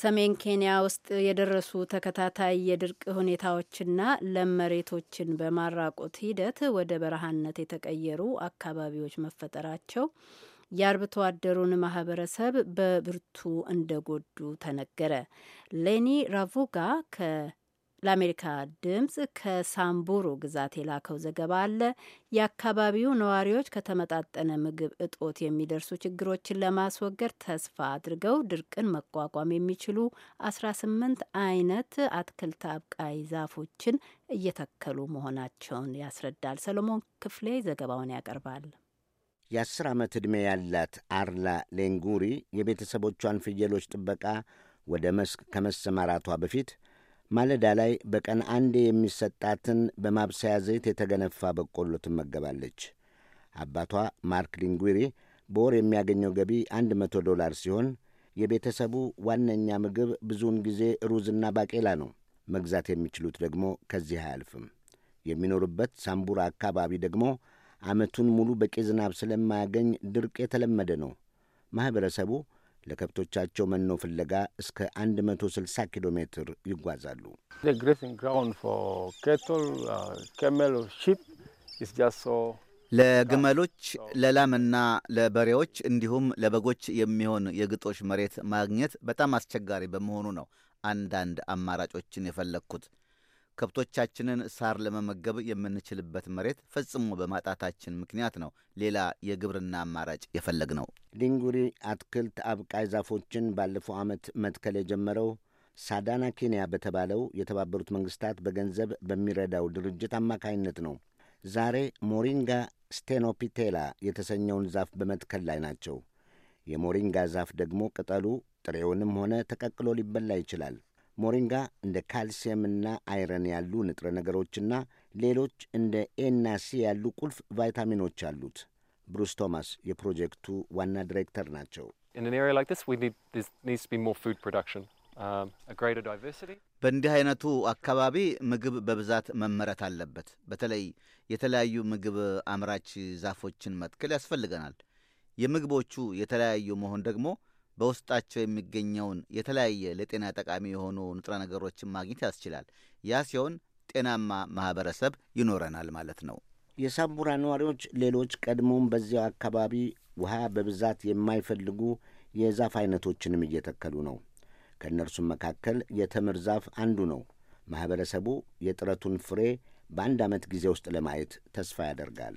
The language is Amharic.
ሰሜን ኬንያ ውስጥ የደረሱ ተከታታይ የድርቅ ሁኔታዎችና ለም መሬቶችን በማራቆት ሂደት ወደ በረሃነት የተቀየሩ አካባቢዎች መፈጠራቸው የአርብቶ አደሩን ማህበረሰብ በብርቱ እንደጎዱ ተነገረ። ሌኒ ራቮጋ ከ ለአሜሪካ ድምፅ ከሳምቡሩ ግዛት የላከው ዘገባ አለ። የአካባቢው ነዋሪዎች ከተመጣጠነ ምግብ እጦት የሚደርሱ ችግሮችን ለማስወገድ ተስፋ አድርገው ድርቅን መቋቋም የሚችሉ 18 አይነት አትክልት አብቃይ ዛፎችን እየተከሉ መሆናቸውን ያስረዳል። ሰለሞን ክፍሌ ዘገባውን ያቀርባል። የአስር ዓመት ዕድሜ ያላት አርላ ሌንጉሪ የቤተሰቦቿን ፍየሎች ጥበቃ ወደ መስክ ከመሰማራቷ በፊት ማለዳ ላይ በቀን አንዴ የሚሰጣትን በማብሰያ ዘይት የተገነፋ በቆሎ ትመገባለች። አባቷ ማርክ ሊንጉሪ በወር የሚያገኘው ገቢ 100 ዶላር ሲሆን የቤተሰቡ ዋነኛ ምግብ ብዙውን ጊዜ ሩዝና ባቄላ ነው። መግዛት የሚችሉት ደግሞ ከዚህ አያልፍም። የሚኖሩበት ሳምቡራ አካባቢ ደግሞ ዓመቱን ሙሉ በቂ ዝናብ ስለማያገኝ ድርቅ የተለመደ ነው። ማኅበረሰቡ ለከብቶቻቸው መኖ ፍለጋ እስከ 160 ኪሎ ሜትር ይጓዛሉ። uh, ለግመሎች ለላምና ለበሬዎች እንዲሁም ለበጎች የሚሆን የግጦሽ መሬት ማግኘት በጣም አስቸጋሪ በመሆኑ ነው አንዳንድ አማራጮችን የፈለግኩት። ከብቶቻችንን ሳር ለመመገብ የምንችልበት መሬት ፈጽሞ በማጣታችን ምክንያት ነው ሌላ የግብርና አማራጭ የፈለግ ነው። ሊንጉሪ አትክልት አብቃይ ዛፎችን ባለፈው ዓመት መትከል የጀመረው ሳዳና ኬንያ በተባለው የተባበሩት መንግስታት በገንዘብ በሚረዳው ድርጅት አማካይነት ነው። ዛሬ ሞሪንጋ ስቴኖፒቴላ የተሰኘውን ዛፍ በመትከል ላይ ናቸው። የሞሪንጋ ዛፍ ደግሞ ቅጠሉ ጥሬውንም ሆነ ተቀቅሎ ሊበላ ይችላል። ሞሪንጋ እንደ ካልሲየምና አይረን ያሉ ንጥረ ነገሮችና ሌሎች እንደ ኤና ሲ ያሉ ቁልፍ ቫይታሚኖች አሉት። ብሩስ ቶማስ የፕሮጀክቱ ዋና ዲሬክተር ናቸው። um, በእንዲህ አይነቱ አካባቢ ምግብ በብዛት መመረት አለበት። በተለይ የተለያዩ ምግብ አምራች ዛፎችን መትከል ያስፈልገናል። የምግቦቹ የተለያዩ መሆን ደግሞ በውስጣቸው የሚገኘውን የተለያየ ለጤና ጠቃሚ የሆኑ ንጥረ ነገሮችን ማግኘት ያስችላል። ያ ሲሆን ጤናማ ማህበረሰብ ይኖረናል ማለት ነው። የሳቡራ ነዋሪዎች ሌሎች ቀድሞም በዚያው አካባቢ ውሃ በብዛት የማይፈልጉ የዛፍ አይነቶችንም እየተከሉ ነው። ከእነርሱም መካከል የተምር ዛፍ አንዱ ነው። ማኅበረሰቡ የጥረቱን ፍሬ በአንድ ዓመት ጊዜ ውስጥ ለማየት ተስፋ ያደርጋል።